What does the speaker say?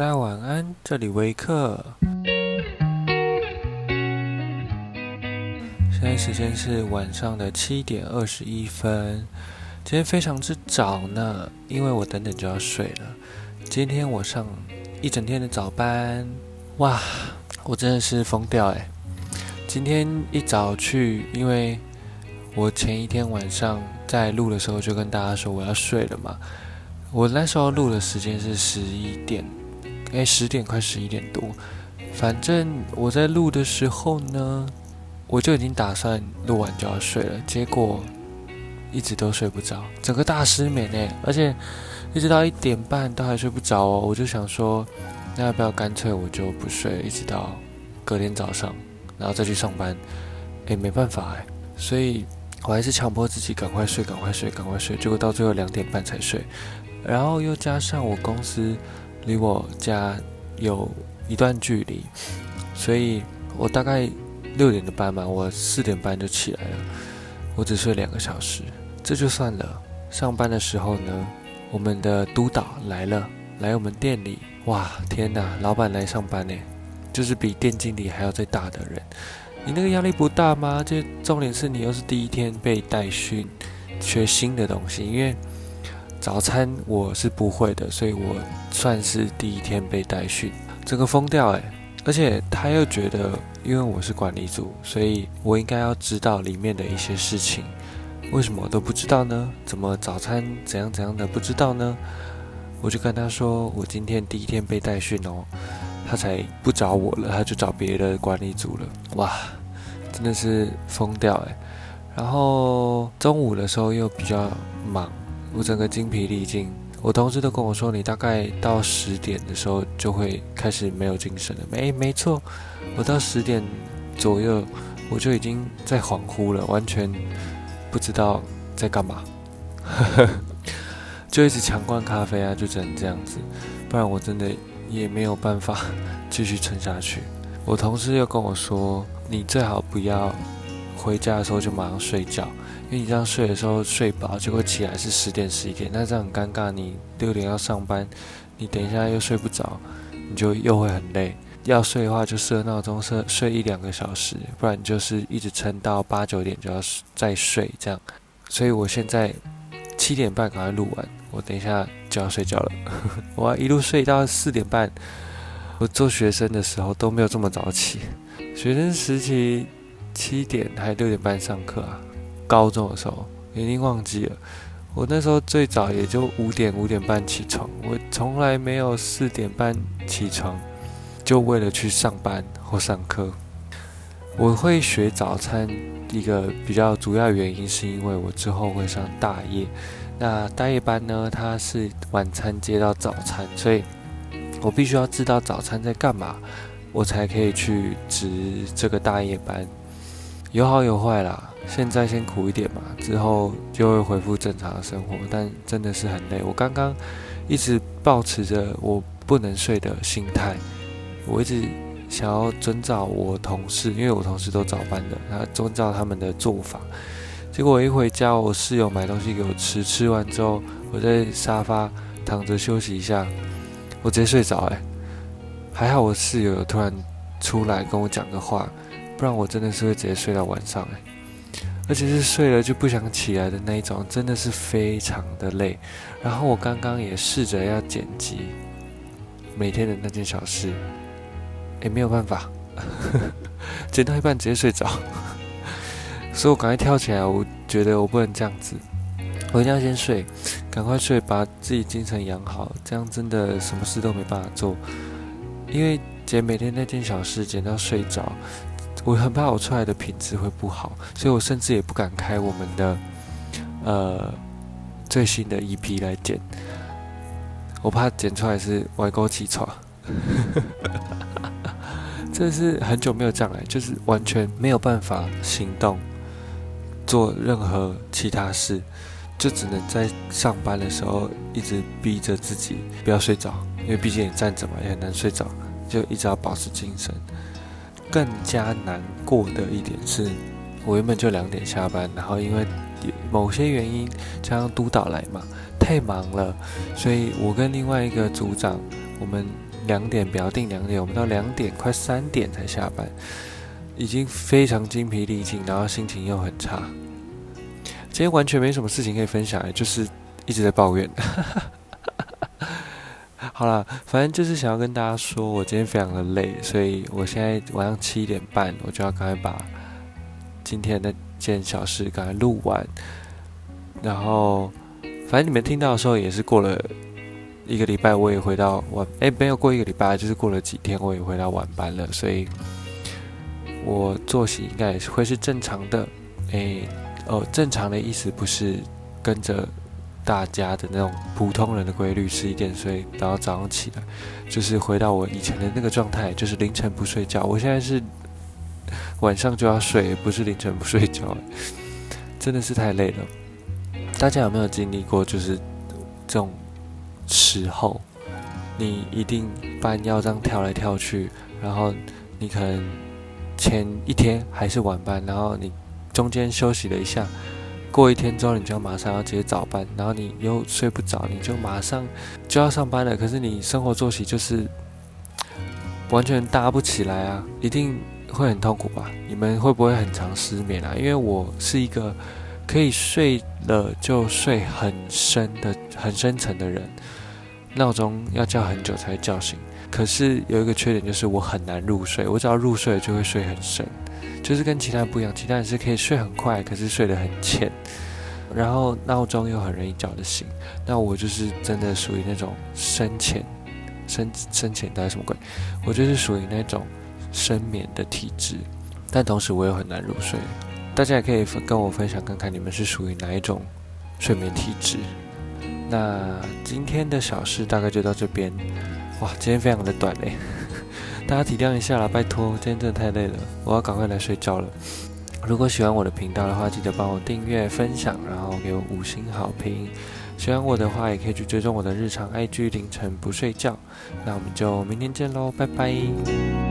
大家晚安，這裡維克。現在時間是晚上的七點二十一分，今天非常之早呢，因為我等等就要睡了。今天我上一整天的早班，哇，我真的是瘋掉哎、欸！今天一早去，因為我前一天晚上在錄的時候就跟大家說我要睡了嘛，我那時候錄的時間是十一點。誒，十點快十一點多，反正我在錄的時候呢，我就已經打算錄完就要睡了，結果一直都睡不着，整個大失眠哎，而且一直到一點半都還睡不着哦，我就想說，那要不要乾脆我就不睡，一直到隔天早上，然後再去上班，誒，沒辦法哎，所以我還是強迫自己趕快睡，趕快睡，趕快睡，結果到最後兩點半才睡，然後又加上我公司。離我家有一段距離，所以我大概六點的班嘛，我四點半就起來了，我只睡兩個小時，這就算了。上班的時候呢，我們的督導來了，來我們店裡，哇，天吶，老闆來上班呢、欸，就是比店經理還要再大的人。你那個壓力不大嗎？這重點是你又是第一天被帶訓，學新的東西，因為。早餐我是不會的，所以我算是第一天被帶訓，這個瘋掉誒、欸，而且他又覺得，因為我是管理組，所以我應該要知道裡面的一些事情，為什麼我都不知道呢？怎麼早餐怎樣怎樣的不知道呢？我就跟他說，我今天第一天被帶訓哦，他才不找我了，他就找別的管理組了。哇，真的是瘋掉哎、欸！然後中午的時候又比較忙。我整個精疲力盡，我同事都跟我說，你大概到十點的時候就會開始沒有精神了。沒、欸，沒錯，我到十點左右，我就已經在恍惚了，完全不知道在幹嘛， 就一直強灌咖啡啊，就只能這樣子，不然我真的也沒有辦法繼續撐下去。我同事又跟我說，你最好不要。回家的時候就馬上睡覺，因為你這樣睡的時候睡飽，結果起來是十點十一點，那這樣很尷尬。你六點要上班，你等一下又睡不着，你就又會很累。要睡的話就設鬧鐘，設睡一兩個小時，不然你就是一直撐到八九點就要再睡這樣。所以我現在七點半趕快錄完，我等一下就要睡覺了， 我要一路睡到四點半。我做學生的時候都沒有這麼早起，學生時期。七點還六點半上課啊？高中的時候已經忘記了。我那時候最早也就五點五點半起床，我從來沒有四點半起床，就為了去上班或上課。我會學早餐一個比較主要原因，是因為我之後會上大夜。那大夜班呢，它是晚餐接到早餐，所以我必須要知道早餐在幹嘛，我才可以去值這個大夜班。有好有壞啦，現在先苦一點嘛，之後就會恢復正常的生活。但真的是很累，我剛剛一直抱持着我不能睡的心態，我一直想要遵照我同事，因為我同事都早班的，他遵照他們的做法。結果我一回家，我室友買東西給我吃，吃完之後我在沙發躺着休息一下，我直接睡着哎、欸，還好我室友突然出來跟我講個話。不然我真的是會直接睡到晚上誒、欸，而且是睡了就不想起來的那一種，真的是非常的累。然後我剛剛也試着要剪輯每天的那件小事，也、欸、沒有辦法呵呵，剪到一半直接睡着，所以我趕快跳起來，我覺得我不能這樣子，我一定要先睡，趕快睡，把自己精神養好，這樣真的什麼事都沒辦法做，因為剪每天那件小事剪到睡着。我很怕我出來的品質會不好，所以我甚至也不敢開我們的呃最新的 EP 來剪，我怕剪出來是歪勾起床。這 是很久沒有這樣來，就是完全沒有辦法行動，做任何其他事，就只能在上班的時候一直逼着自己不要睡着，因為畢竟也站着嘛，也很難睡着，就一直要保持精神。更加難過的一點是，我原本就兩點下班，然後因為某些原因加上督導來嘛，太忙了，所以我跟另外一個組長，我們兩點表定兩點，我們到兩點快三點才下班，已經非常精疲力盡，然後心情又很差，今天完全沒什麼事情可以分享，就是一直在抱怨。 好了，反正就是想要跟大家說，我今天非常的累，所以我現在晚上七點半，我就要趕快把今天的那件小事趕快錄完。然後，反正你們聽到的時候也是過了一個禮拜，我也回到晚，哎、欸、沒有過一個禮拜，就是過了幾天，我也回到晚班了，所以我作息應該也是會是正常的。哎、欸、哦，正常的意思不是跟着。大家的那種普通人的規律，十一點睡，然後早上起來就是回到我以前的那個狀態，就是凌晨不睡覺。我現在是晚上就要睡，不是凌晨不睡覺。真的是太累了。大家有沒有經歷過就是這種時候，你一定班要這樣跳來跳去，然後你可能前一天還是晚班，然後你中間休息了一下。過一天之後，你就要馬上要接早班，然後你又睡不着，你就馬上就要上班了。可是你生活作息就是完全搭不起來啊，一定會很痛苦吧？你們會不會很常失眠啊？因為我是一個可以睡了就睡很深的、很深層的人。鬧鐘要叫很久才會叫醒，可是有一個缺點就是我很難入睡。我只要入睡就會睡很深，就是跟其他不一樣。其他人是可以睡很快，可是睡得很淺。然後鬧鐘又很容易叫得醒。那我就是真的屬於那種深淺、深深淺，大家什麼鬼？我就是屬於那種深眠的體質，但同時我又很難入睡。大家也可以跟我分享，看看你們是屬於哪一種睡眠體質。那今天的小事大概就到這邊，哇，今天非常的短嘞，欸，大家體諒一下啦，拜託，今天真的太累了，我要趕快來睡覺了。如果喜歡我的頻道的話，記得幫我訂閱、分享，然後給我五星好評。喜歡我的話，也可以去追蹤我的日常 IG 凌晨不睡覺。那我們就明天見嘍，拜拜。